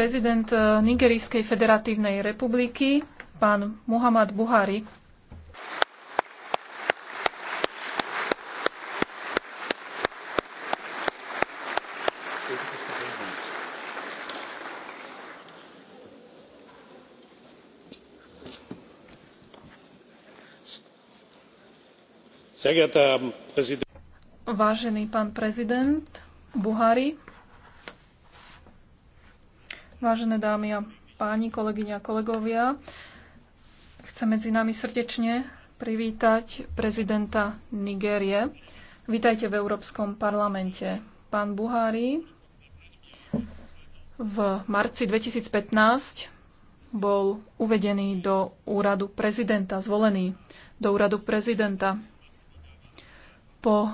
prezident e, Nigerijskej federatívnej republiky, pán Muhammad Buhari. Vážený pán prezident Buhari, Vážené dámy a páni, kolegyňa a kolegovia, chcem medzi nami srdečne privítať prezidenta Nigérie. Vítajte v Európskom parlamente. Pán Buhári v marci 2015 bol uvedený do úradu prezidenta, zvolený do úradu prezidenta. Po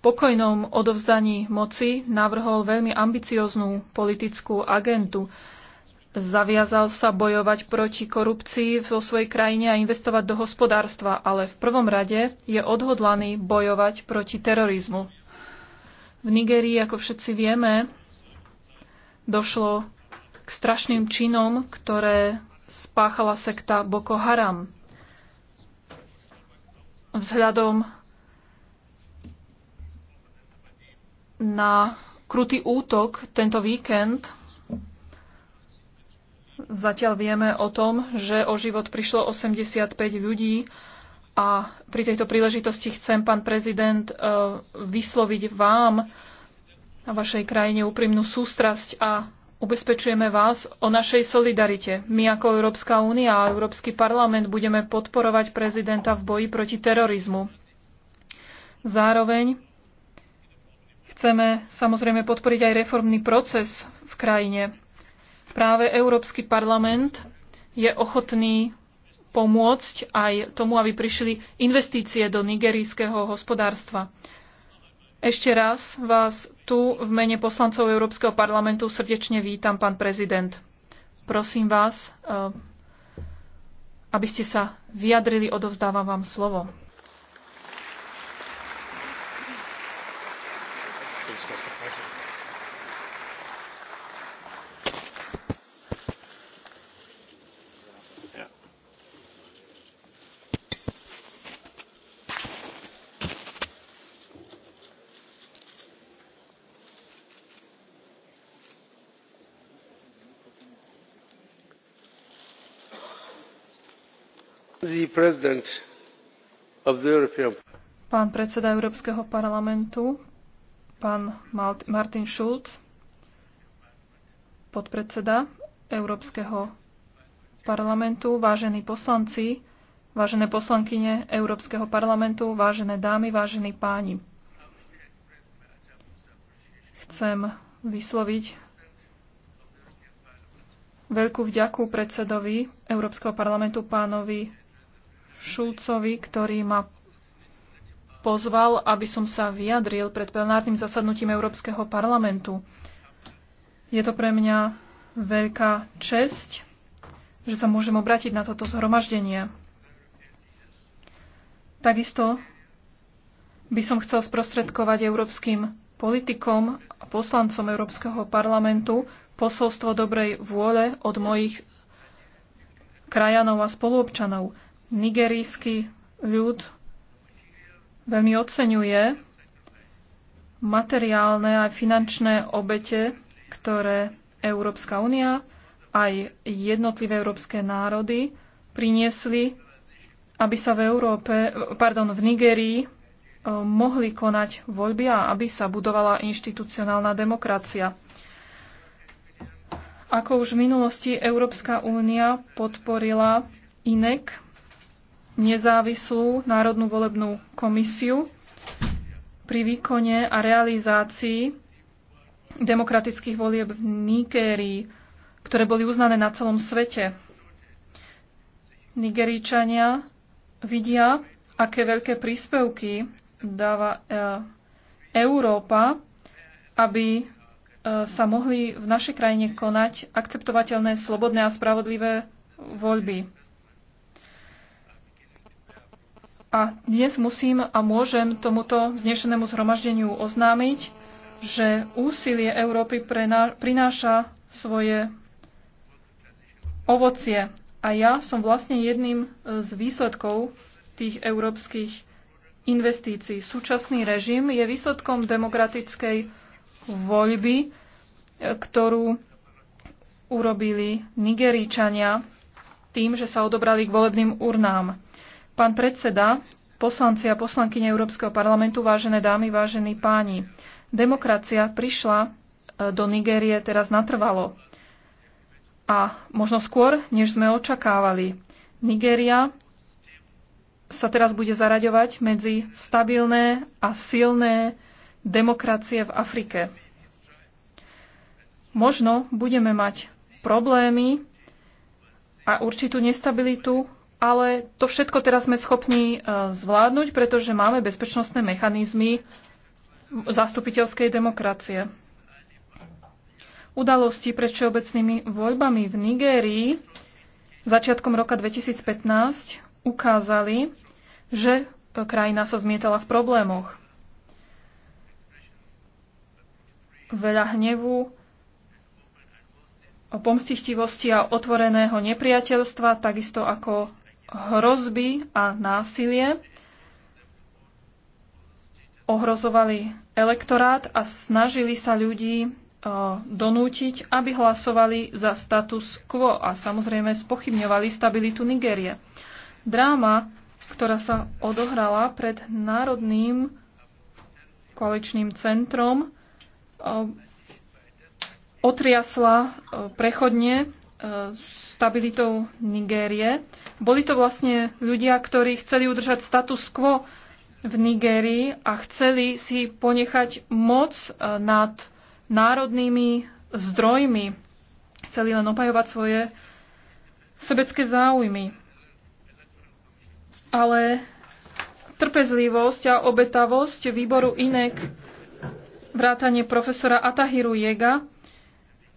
pokojnom odovzdaní moci navrhol veľmi ambicioznú politickú agentu. Zaviazal sa bojovať proti korupcii vo svojej krajine a investovať do hospodárstva, ale v prvom rade je odhodlaný bojovať proti terorizmu. V Nigerii, ako všetci vieme, došlo k strašným činom, ktoré spáchala sekta Boko Haram. Vzhľadom na krutý útok tento víkend. Zatiaľ vieme o tom, že o život prišlo 85 ľudí a pri tejto príležitosti chcem, pán prezident, e, vysloviť vám na vašej krajine úprimnú sústrasť a ubezpečujeme vás o našej solidarite. My ako Európska únia a Európsky parlament budeme podporovať prezidenta v boji proti terorizmu. Zároveň Chceme samozrejme podporiť aj reformný proces v krajine. Práve Európsky parlament je ochotný pomôcť aj tomu, aby prišli investície do nigerijského hospodárstva. Ešte raz vás tu v mene poslancov Európskeho parlamentu srdečne vítam, pán prezident. Prosím vás, eh, aby ste sa vyjadrili, odovzdávam vám slovo. Pán predseda Európskeho parlamentu, pán Martin Schulz, podpredseda Európskeho parlamentu, vážení poslanci, vážené poslankyne Európskeho parlamentu, vážené dámy, vážení páni. Chcem vysloviť veľkú vďaku predsedovi Európskeho parlamentu pánovi Šulcovi, ktorý ma pozval, aby som sa vyjadril pred plenárnym zasadnutím Európskeho parlamentu. Je to pre mňa veľká česť, že sa môžem obrátiť na toto zhromaždenie. Takisto by som chcel sprostredkovať európskym politikom a poslancom Európskeho parlamentu posolstvo dobrej vôle od mojich krajanov a spoluobčanov. Nigerijský ľud veľmi oceňuje materiálne aj finančné obete, ktoré Európska únia aj jednotlivé európske národy priniesli, aby sa v Európe, pardon, v Nigerii eh, mohli konať voľby a aby sa budovala inštitucionálna demokracia. Ako už v minulosti Európska únia podporila INEC, nezávislú Národnú volebnú komisiu pri výkone a realizácii demokratických volieb v Nigérii, ktoré boli uznané na celom svete. Nigeríčania vidia, aké veľké príspevky dáva e, Európa, aby e, sa mohli v našej krajine konať akceptovateľné, slobodné a spravodlivé voľby. A dnes musím a môžem tomuto znešenému zhromaždeniu oznámiť, že úsilie Európy prináša svoje ovocie. A ja som vlastne jedným e, z výsledkov tých európskych investícií. Súčasný režim je výsledkom demokratickej voľby, e, ktorú urobili Nigeríčania tým, že sa odobrali k volebným urnám. Pán predseda, poslanci a poslankyne Európskeho parlamentu, vážené dámy, vážení páni, demokracia prišla e, do Nigérie teraz natrvalo. A možno skôr, než sme očakávali. Nigéria sa teraz bude zaraďovať medzi stabilné a silné demokracie v Afrike. Možno budeme mať problémy a určitú nestabilitu ale to všetko teraz sme schopní e, zvládnuť, pretože máme bezpečnostné mechanizmy zastupiteľskej demokracie. Udalosti pred všeobecnými voľbami v Nigérii začiatkom roka 2015 ukázali, že e, krajina sa zmietala v problémoch. Veľa hnevu, pomstichtivosti a otvoreného nepriateľstva, takisto ako hrozby a násilie ohrozovali elektorát a snažili sa ľudí e, donútiť, aby hlasovali za status quo a samozrejme spochybňovali stabilitu Nigérie. Dráma, ktorá sa odohrala pred Národným koaličným centrom, e, otriasla e, prechodne s stabilitou Nigérie. Boli to vlastne ľudia, ktorí chceli udržať status quo v Nigérii a chceli si ponechať moc eh, nad národnými zdrojmi. Chceli len opajovať svoje sebecké záujmy. Ale trpezlivosť a obetavosť výboru INEK vrátanie profesora Atahiru Jega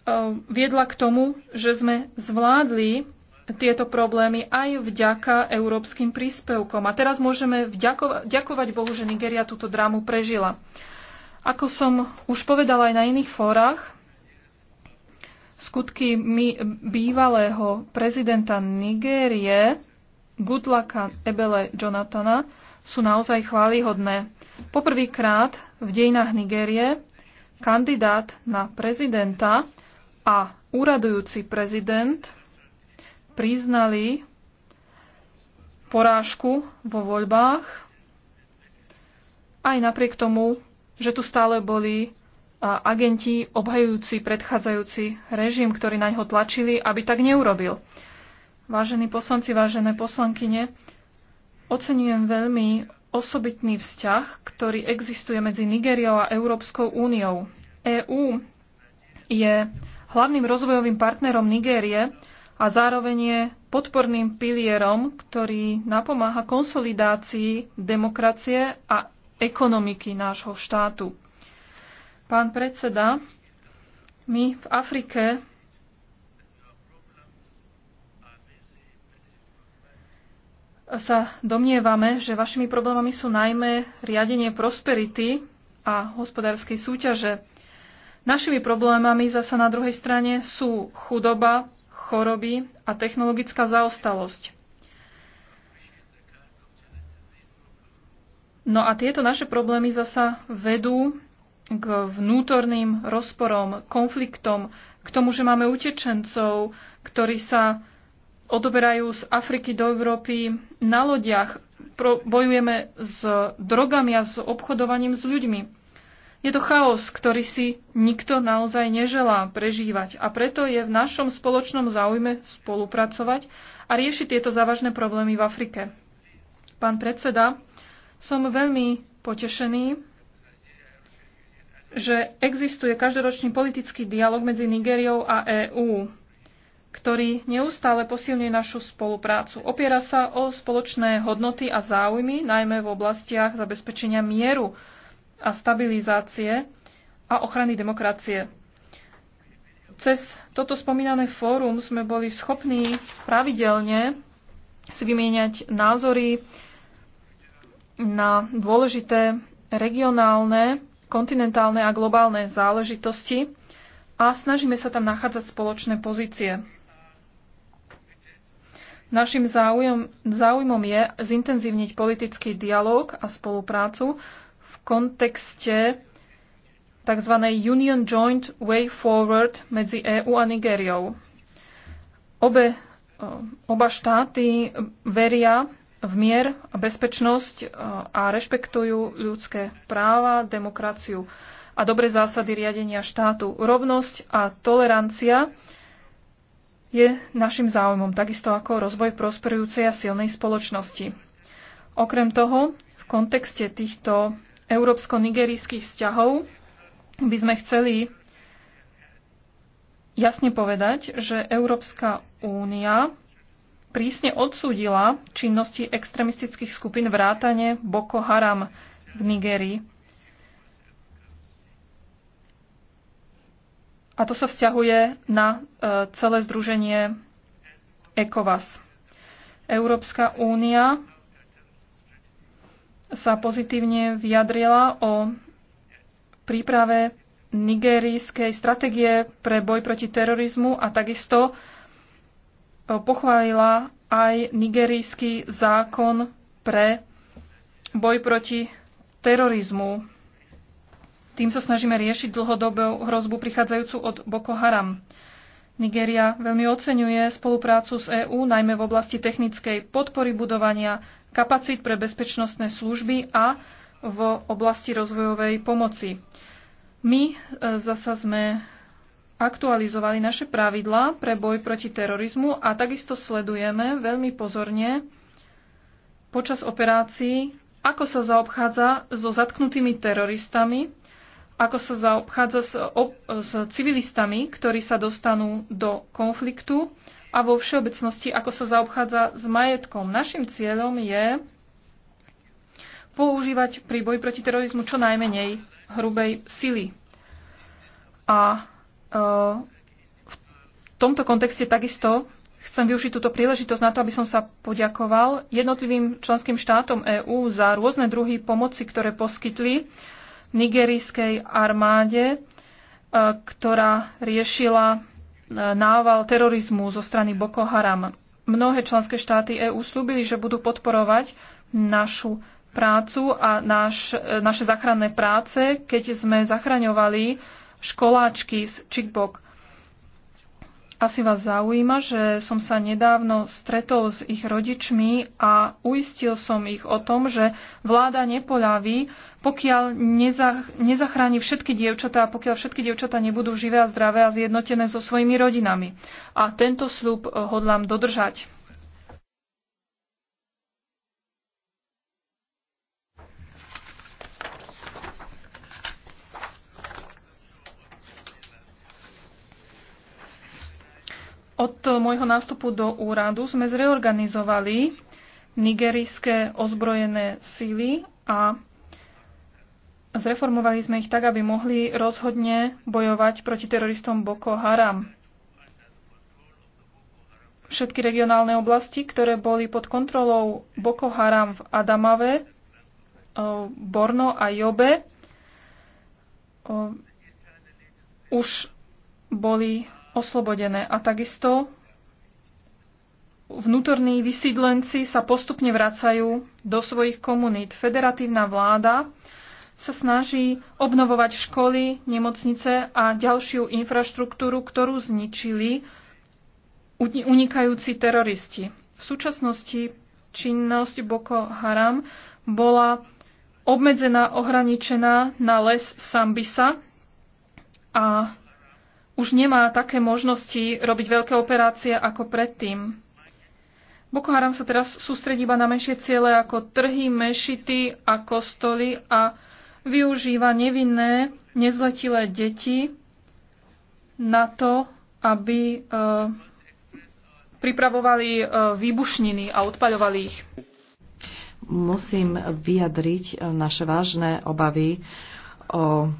Eh, viedla k tomu, že sme zvládli tieto problémy aj vďaka európskym príspevkom. A teraz môžeme vďako- ďakovať Bohu, že Nigeria túto drámu prežila. Ako som už povedala aj na iných fórach, skutky mi- bývalého prezidenta Nigérie, Gudlaka Ebele Jonathana, sú naozaj chválihodné. Poprvýkrát v dejinách Nigérie kandidát na prezidenta a úradujúci prezident priznali porážku vo voľbách, aj napriek tomu, že tu stále boli agenti obhajujúci predchádzajúci režim, ktorí na ňo tlačili, aby tak neurobil. Vážení poslanci, vážené poslankyne, oceňujem veľmi osobitný vzťah, ktorý existuje medzi Nigériou a Európskou úniou. EÚ je hlavným rozvojovým partnerom Nigérie a zároveň je podporným pilierom, ktorý napomáha konsolidácii demokracie a ekonomiky nášho štátu. Pán predseda, my v Afrike sa domnievame, že vašimi problémami sú najmä riadenie prosperity a hospodárskej súťaže. Našimi problémami zasa na druhej strane sú chudoba, choroby a technologická zaostalosť. No a tieto naše problémy zasa vedú k vnútorným rozporom, konfliktom, k tomu, že máme utečencov, ktorí sa odoberajú z Afriky do Európy na lodiach. Pro, bojujeme s drogami a s obchodovaním s ľuďmi. Je to chaos, ktorý si nikto naozaj neželá prežívať a preto je v našom spoločnom záujme spolupracovať a riešiť tieto závažné problémy v Afrike. Pán predseda, som veľmi potešený, že existuje každoročný politický dialog medzi Nigériou a EÚ, ktorý neustále posilňuje našu spoluprácu. Opiera sa o spoločné hodnoty a záujmy, najmä v oblastiach zabezpečenia mieru a stabilizácie a ochrany demokracie. Cez toto spomínané fórum sme boli schopní pravidelne si vymieňať názory na dôležité regionálne, kontinentálne a globálne záležitosti a snažíme sa tam nachádzať spoločné pozície. Našim záujom, záujmom je zintenzívniť politický dialog a spoluprácu kontexte tzv. Union Joint Way Forward medzi EÚ a Nigériou. Obe, e, oba štáty veria v mier a bezpečnosť e, a rešpektujú ľudské práva, demokraciu a dobre zásady riadenia štátu. Rovnosť a tolerancia je našim záujmom, takisto ako rozvoj prosperujúcej a silnej spoločnosti. Okrem toho, v kontexte týchto európsko-nigerijských vzťahov by sme chceli jasne povedať, že Európska únia prísne odsúdila činnosti extremistických skupín vrátane Boko Haram v Nigerii. A to sa vzťahuje na e, celé združenie ECOWAS. Európska únia sa pozitívne vyjadrila o príprave nigerijskej stratégie pre boj proti terorizmu a takisto e, pochválila aj nigerijský zákon pre boj proti terorizmu. Tým sa snažíme riešiť dlhodobú hrozbu prichádzajúcu od Boko Haram. Nigéria veľmi oceňuje spoluprácu s EÚ, najmä v oblasti technickej podpory budovania kapacít pre bezpečnostné služby a v oblasti rozvojovej pomoci. My e, zasa sme aktualizovali naše pravidlá pre boj proti terorizmu a takisto sledujeme veľmi pozorne počas operácií, ako sa zaobchádza so zatknutými teroristami ako sa zaobchádza s, ob, s civilistami, ktorí sa dostanú do konfliktu a vo všeobecnosti, ako sa zaobchádza s majetkom. Našim cieľom je používať pri boji proti terorizmu čo najmenej hrubej sily. A e, v tomto kontexte takisto chcem využiť túto príležitosť na to, aby som sa poďakoval jednotlivým členským štátom EÚ za rôzne druhy pomoci, ktoré poskytli nigerijskej armáde, e, ktorá riešila e, nával terorizmu zo strany Boko Haram. Mnohé členské štáty EÚ slúbili, že budú podporovať našu prácu a naš, e, naše záchranné práce, keď sme zachraňovali školáčky z Čikbok. Asi vás zaujíma, že som sa nedávno stretol s ich rodičmi a uistil som ich o tom, že vláda nepoľaví, pokiaľ nezach- nezachráni všetky dievčatá a pokiaľ všetky dievčatá nebudú živé a zdravé a zjednotené so svojimi rodinami. A tento slúb eh, hodlám dodržať. Od môjho nástupu do úradu sme zreorganizovali nigerijské ozbrojené síly a zreformovali sme ich tak, aby mohli rozhodne bojovať proti teroristom Boko Haram. Všetky regionálne oblasti, ktoré boli pod kontrolou Boko Haram v Adamave, Borno a Jobe, už boli oslobodené. A takisto vnútorní vysídlenci sa postupne vracajú do svojich komunít. Federatívna vláda sa snaží obnovovať školy, nemocnice a ďalšiu infraštruktúru, ktorú zničili unikajúci teroristi. V súčasnosti činnosť Boko Haram bola obmedzená, ohraničená na les Sambisa a už nemá také možnosti robiť veľké operácie ako predtým. Boko Haram sa teraz sústredí iba na menšie ciele ako trhy, mešity a kostoly a využíva nevinné, nezletilé deti na to, aby e, pripravovali e, výbušniny a odpaľovali ich. Musím vyjadriť eh, naše vážne obavy o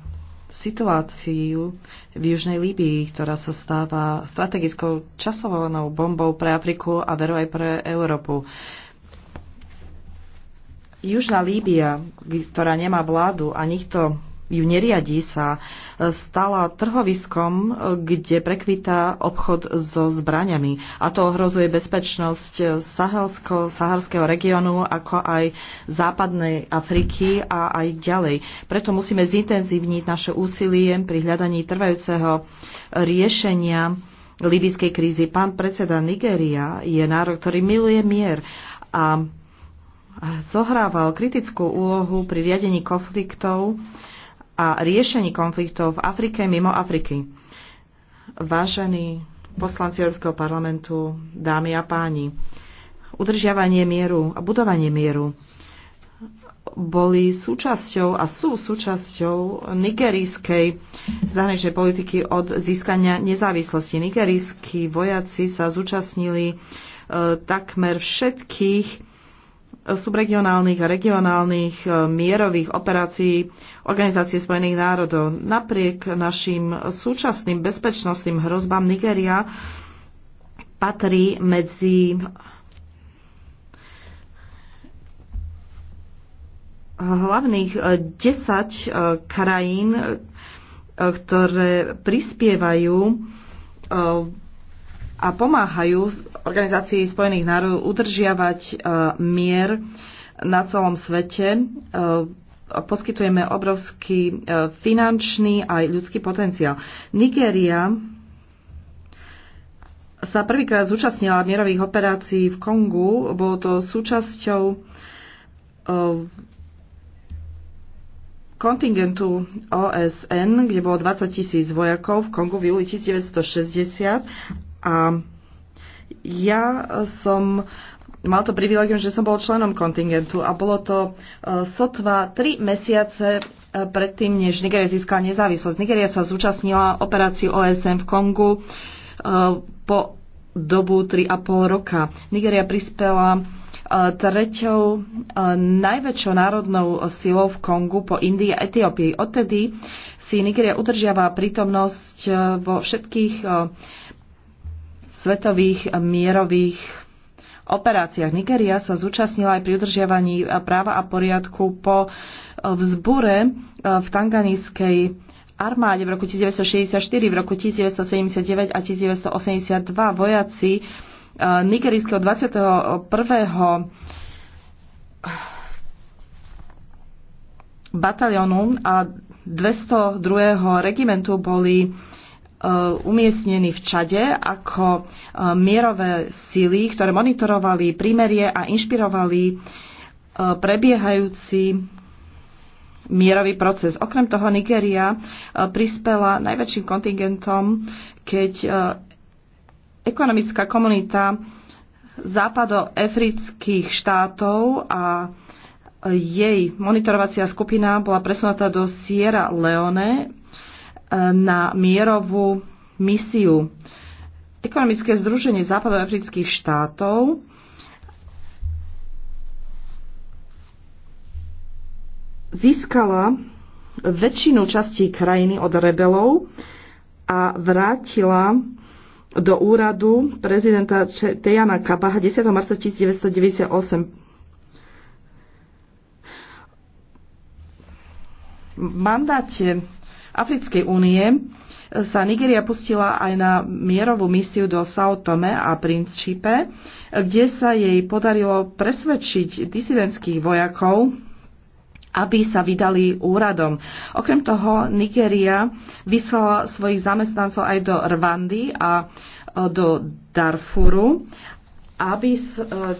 situáciu v Južnej Líbii, ktorá sa stáva strategickou časovanou bombou pre Afriku a veru aj pre Európu. Južná Líbia, ktorá nemá vládu a nikto ju neriadí, sa e, stala trhoviskom, e, kde prekvita obchod so zbraniami. A to ohrozuje bezpečnosť e, Sahelsko, saharského regiónu, ako aj západnej Afriky a aj ďalej. Preto musíme zintenzívniť naše úsilie pri hľadaní trvajúceho riešenia libyskej krízy. Pán predseda Nigéria je národ, ktorý miluje mier a zohrával kritickú úlohu pri riadení konfliktov a riešení konfliktov v Afrike mimo Afriky. Vážení poslanci Európskeho parlamentu, dámy a páni, udržiavanie mieru a budovanie mieru boli súčasťou a sú súčasťou nigerijskej zahraničnej politiky od získania nezávislosti. Nigerijskí vojaci sa zúčastnili e, takmer všetkých subregionálnych a regionálnych e, mierových operácií Organizácie spojených národov. Napriek našim súčasným bezpečnostným hrozbám Nigeria patrí medzi hlavných 10 e, e, krajín, ktoré prispievajú a pomáhajú Organizácii spojených národov udržiavať e, mier na celom svete. E, poskytujeme obrovský e, finančný aj ľudský potenciál. Nigéria sa prvýkrát zúčastnila mierových operácií v Kongu. Bolo to súčasťou kontingentu OSN, kde bolo 20 tisíc vojakov v Kongu v júli 1960 a ja som mal to privilegium, že som bol členom kontingentu a bolo to e, sotva tri mesiace e, predtým, než Nigeria získala nezávislosť. Nigeria sa zúčastnila operáciu OSN v Kongu e, po dobu 3,5 roka. Nigeria prispela treťou najväčšou národnou silou v Kongu po Indii a Etiópii. Odtedy si Nigeria udržiava prítomnosť vo všetkých svetových mierových operáciách. Nigeria sa zúčastnila aj pri udržiavaní práva a poriadku po vzbure e, v tanganijskej armáde v roku 1964, v roku 1979 a 1982 vojaci e, nigerijského 21. batalionu a 202. regimentu boli Eh, umiestnení v Čade ako eh, mierové síly, ktoré monitorovali prímerie a inšpirovali eh, prebiehajúci mierový proces. Okrem toho Nigeria prispela najväčším kontingentom, keď ekonomická komunita západoefrických štátov a jej monitorovacia skupina bola presunutá do Sierra Leone, na mierovú misiu. Ekonomické združenie západoafrických štátov získala väčšinu častí krajiny od rebelov a vrátila do úradu prezidenta Tejana Kabaha 10. marca 1998. V mandáte Africkej únie sa Nigeria pustila aj na mierovú misiu do Sao Tome a Principe, kde sa jej podarilo presvedčiť disidentských vojakov, aby sa vydali úradom. Okrem toho Nigeria vyslala svojich zamestnancov aj do Rwandy a do Darfuru aby e,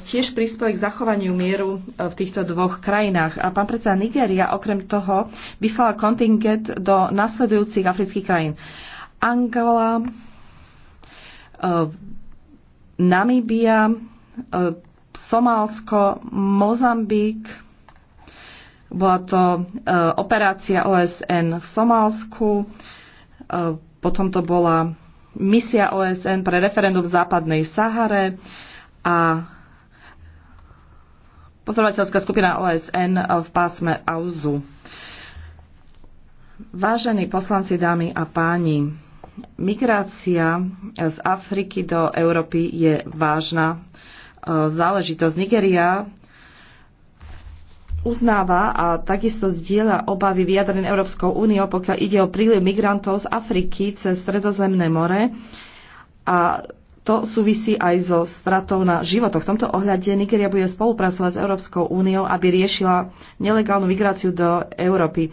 tiež prispeli k zachovaniu mieru e, v týchto dvoch krajinách. A pán predseda Nigéria okrem toho vyslala kontingent do nasledujúcich afrických krajín. Angola, e, Namíbia, Somálsko, Mozambik. Bola to operácia OSN v Somálsku. Potom to bola misia OSN pre referendum v západnej Sahare a pozorovateľská skupina OSN v pásme Auzu. Vážení poslanci, dámy a páni, migrácia z Afriky do Európy je vážna e, záležitosť. Nigeria uznáva a takisto zdieľa obavy vyjadrené Európskou úniou, pokiaľ ide o príliv migrantov z Afriky cez Stredozemné more a to súvisí aj so stratou na životoch. V tomto ohľade Nigeria bude spolupracovať s Európskou úniou, aby riešila nelegálnu migráciu do Európy.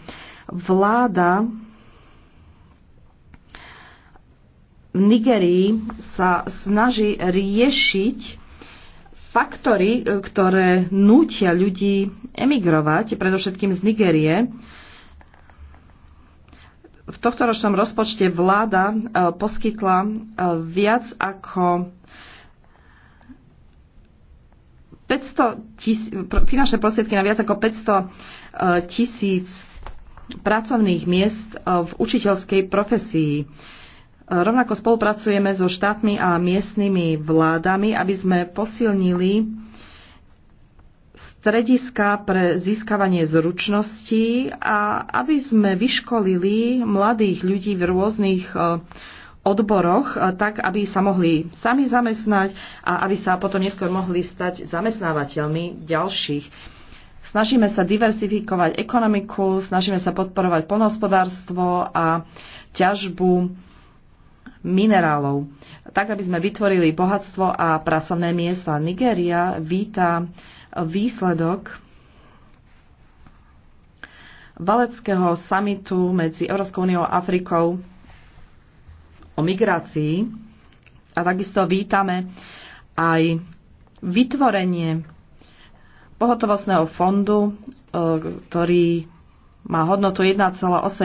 Vláda v Nigerii sa snaží riešiť faktory, ktoré nútia ľudí emigrovať, predovšetkým z Nigerie, v tohto ročnom rozpočte vláda e, poskytla e, viac ako 500 tisíc, finančné prostriedky na viac ako 500 e, tisíc pracovných miest v učiteľskej profesii. Rovnako spolupracujeme so štátmi a miestnymi vládami, aby sme posilnili strediska pre získavanie zručností a aby sme vyškolili mladých ľudí v rôznych e, odboroch, e, tak aby sa mohli sami zamestnať a aby sa potom neskôr mohli stať zamestnávateľmi ďalších. Snažíme sa diversifikovať ekonomiku, snažíme sa podporovať polnohospodárstvo a ťažbu minerálov, tak aby sme vytvorili bohatstvo a pracovné miesta. Nigéria víta výsledok valeckého samitu medzi Európskou úniou a Afrikou o migrácii a takisto vítame aj vytvorenie pohotovostného fondu, e, ktorý má hodnotu 1,8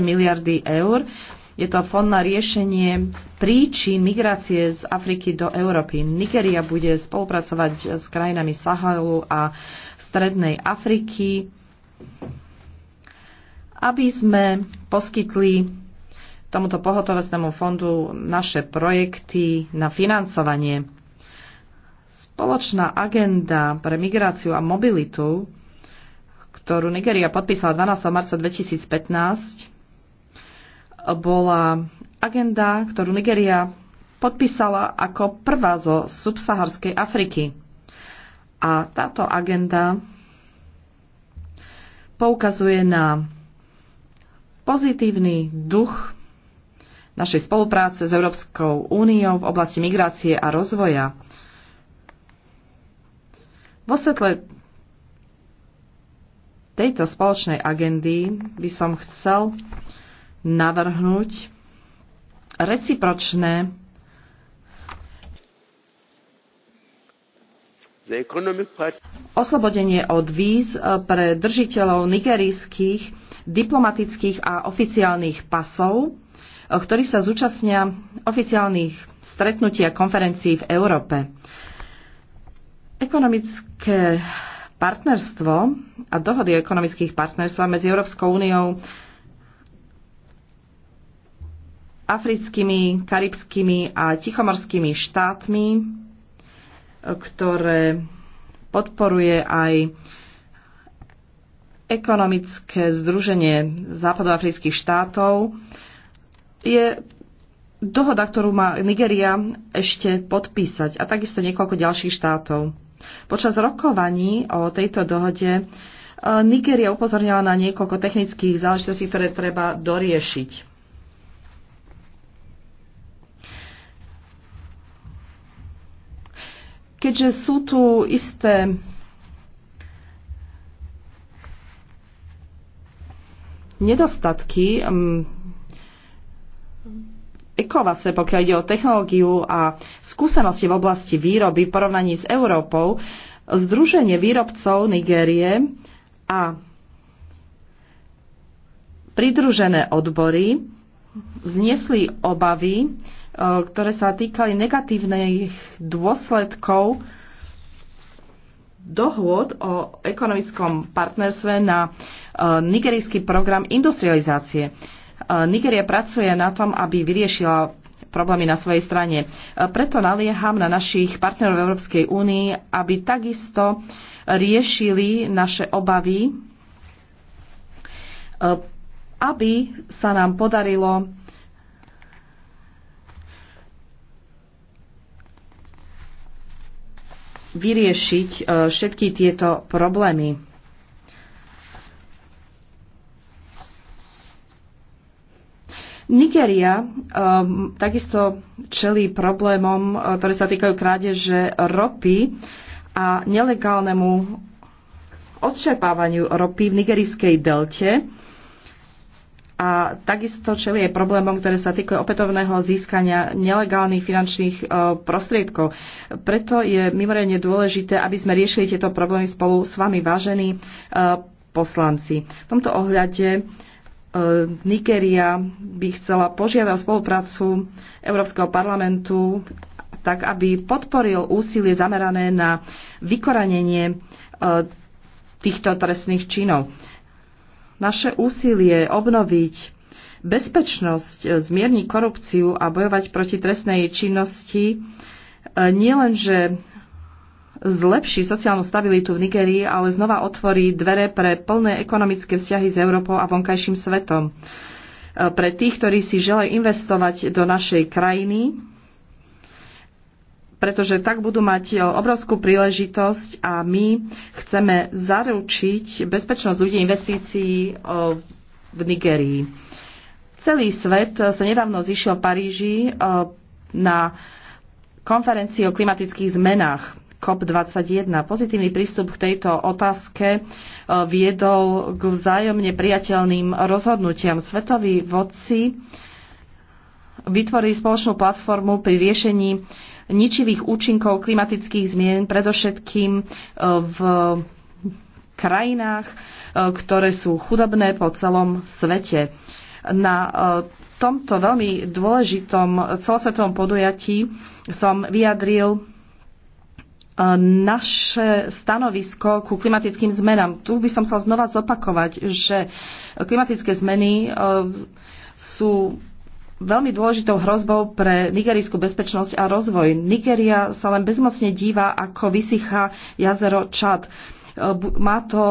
miliardy eur je to fond na riešenie príčin migrácie z Afriky do Európy. Nigeria bude spolupracovať s krajinami Sahelu a Strednej Afriky, aby sme poskytli tomuto pohotovostnému fondu naše projekty na financovanie. Spoločná agenda pre migráciu a mobilitu, ktorú Nigeria podpísala 12. marca 2015, bola agenda, ktorú Nigeria podpísala ako prvá zo subsaharskej Afriky. A táto agenda poukazuje na pozitívny duch našej spolupráce s Európskou úniou v oblasti migrácie a rozvoja. Vo svetle tejto spoločnej agendy by som chcel navrhnúť recipročné oslobodenie od víz pre držiteľov nigerijských diplomatických a oficiálnych pasov, ktorí sa zúčastnia oficiálnych stretnutí a konferencií v Európe. Ekonomické partnerstvo a dohody o ekonomických partnerstva medzi Európskou úniou africkými, karibskými a tichomorskými štátmi, ktoré podporuje aj ekonomické združenie západoafrických štátov, je dohoda, ktorú má Nigeria ešte podpísať a takisto niekoľko ďalších štátov. Počas rokovaní o tejto dohode eh, Nigeria upozornila na niekoľko technických záležitostí, ktoré treba doriešiť. Keďže sú tu isté nedostatky, mm, Ekovase, pokiaľ ide o technológiu a skúsenosti v oblasti výroby v porovnaní s Európou, Združenie výrobcov Nigérie a pridružené odbory vzniesli obavy, Eh, ktoré sa týkali negatívnych dôsledkov dohôd o ekonomickom partnerstve na eh, nigerijský program industrializácie. Eh, Nigeria pracuje na tom, aby vyriešila problémy na svojej strane. Preto nalieham na našich partnerov v Európskej únii, aby takisto riešili naše obavy, aby sa nám podarilo vyriešiť e, všetky tieto problémy. Nigéria um, e, takisto čelí problémom, e, ktoré sa týkajú krádeže ropy a nelegálnemu odčerpávaniu ropy v nigerijskej delte a takisto čelie problémom, ktoré sa týkajú opätovného získania nelegálnych finančných e, prostriedkov. Preto je mimoriadne dôležité, aby sme riešili tieto problémy spolu s vami, vážení e, poslanci. V tomto ohľade e, Nigeria by chcela požiadať o spoluprácu Európskeho parlamentu tak, aby podporil úsilie zamerané na vykoranenie týchto trestných činov. Naše úsilie obnoviť bezpečnosť, e, zmierniť korupciu a bojovať proti trestnej činnosti e, nielenže zlepší sociálnu stabilitu v Nigerii, ale znova otvorí dvere pre plné ekonomické vzťahy s Európou a vonkajším svetom. E, pre tých, ktorí si želajú investovať do našej krajiny, pretože tak budú mať e, obrovskú príležitosť a my chceme zaručiť bezpečnosť ľudí investícií e, v Nigerii. Celý svet sa nedávno zišiel v Paríži e, na konferencii o klimatických zmenách COP21. Pozitívny prístup k tejto otázke viedol k vzájomne priateľným rozhodnutiam. Svetoví vodci vytvorili spoločnú platformu pri riešení ničivých účinkov klimatických zmien, predovšetkým e, v krajinách, e, ktoré sú chudobné po celom svete. Na e, tomto veľmi dôležitom celosvetovom podujatí som vyjadril naše stanovisko ku klimatickým zmenám. Tu by som chcel znova zopakovať, že klimatické zmeny sú veľmi dôležitou hrozbou pre nigerijskú bezpečnosť a rozvoj. Nigeria sa len bezmocne díva, ako vysychá jazero Čad. E, má to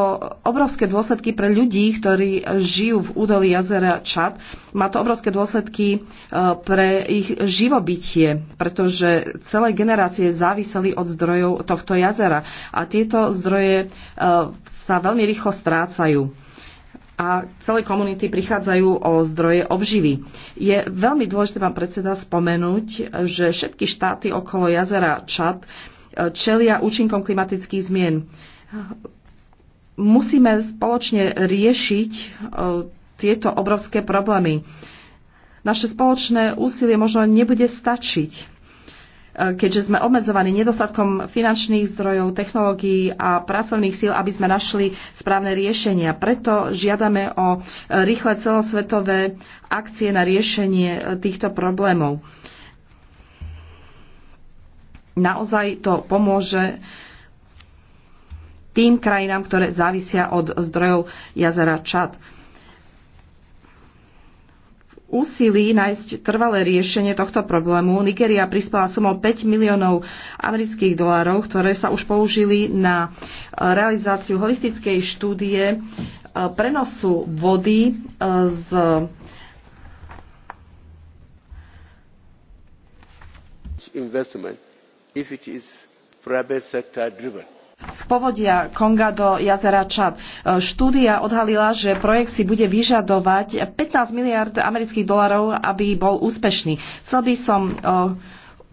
obrovské dôsledky pre ľudí, ktorí žijú v údolí jazera Čad. Má to obrovské dôsledky e, pre ich živobytie, pretože celé generácie záviseli od zdrojov tohto jazera. A tieto zdroje e, sa veľmi rýchlo strácajú a celé komunity prichádzajú o zdroje obživy. Je veľmi dôležité, pán predseda, spomenúť, že všetky štáty okolo jazera Čad eh, čelia účinkom klimatických zmien. Musíme spoločne riešiť eh, tieto obrovské problémy. Naše spoločné úsilie možno nebude stačiť keďže sme obmedzovaní nedostatkom finančných zdrojov, technológií a pracovných síl, aby sme našli správne riešenia. Preto žiadame o rýchle celosvetové akcie na riešenie týchto problémov. Naozaj to pomôže tým krajinám, ktoré závisia od zdrojov jazera Čad úsilí nájsť trvalé riešenie tohto problému Nigeria prispela sumou 5 miliónov amerických dolárov, ktoré sa už použili na eh, realizáciu holistickej štúdie eh, prenosu vody eh, z investment if it is private sector driven z povodia Konga do jazera Čad. E, štúdia odhalila, že projekt si bude vyžadovať 15 miliard amerických dolarov, aby bol úspešný. Chcel by som e,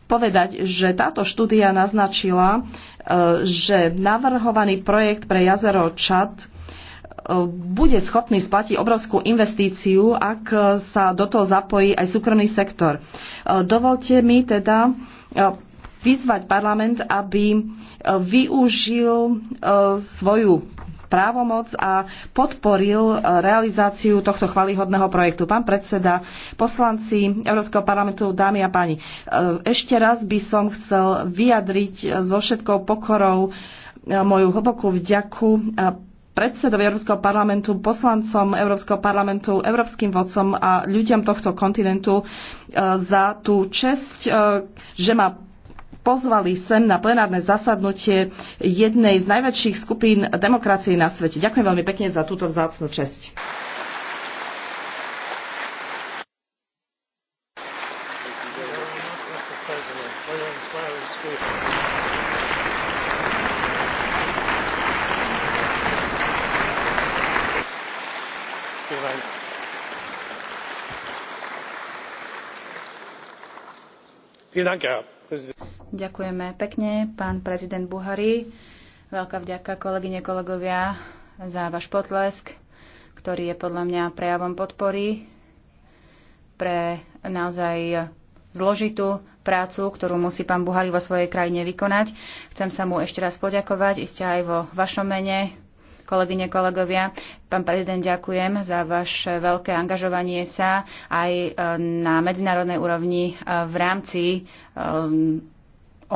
povedať, že táto štúdia naznačila, e, že navrhovaný projekt pre jazero Čad bude schopný splatiť obrovskú investíciu, ak sa do toho zapojí aj súkromný sektor. Dovolte mi teda vyzvať parlament, aby e, využil e, svoju právomoc a podporil e, realizáciu tohto chvalihodného projektu. Pán predseda, poslanci Európskeho parlamentu, dámy a páni, ešte raz by som chcel vyjadriť so všetkou pokorou moju hlbokú vďaku predsedovi Európskeho parlamentu, poslancom Európskeho parlamentu, európskym vodcom a ľuďom tohto kontinentu za tú česť, že ma pozvali sem na plenárne zasadnutie jednej z najväčších skupín demokracie na svete. Ďakujem veľmi pekne za túto vzácnu česť. vielen dank herr präsident! Ďakujeme pekne, pán prezident Buhari. Veľká vďaka kolegyne, kolegovia za váš potlesk, ktorý je podľa mňa prejavom podpory pre naozaj zložitú prácu, ktorú musí pán Buhari vo svojej krajine vykonať. Chcem sa mu ešte raz poďakovať, iste aj vo vašom mene, kolegyne, kolegovia. Pán prezident, ďakujem za vaše veľké angažovanie sa aj e, na medzinárodnej úrovni e, v rámci e,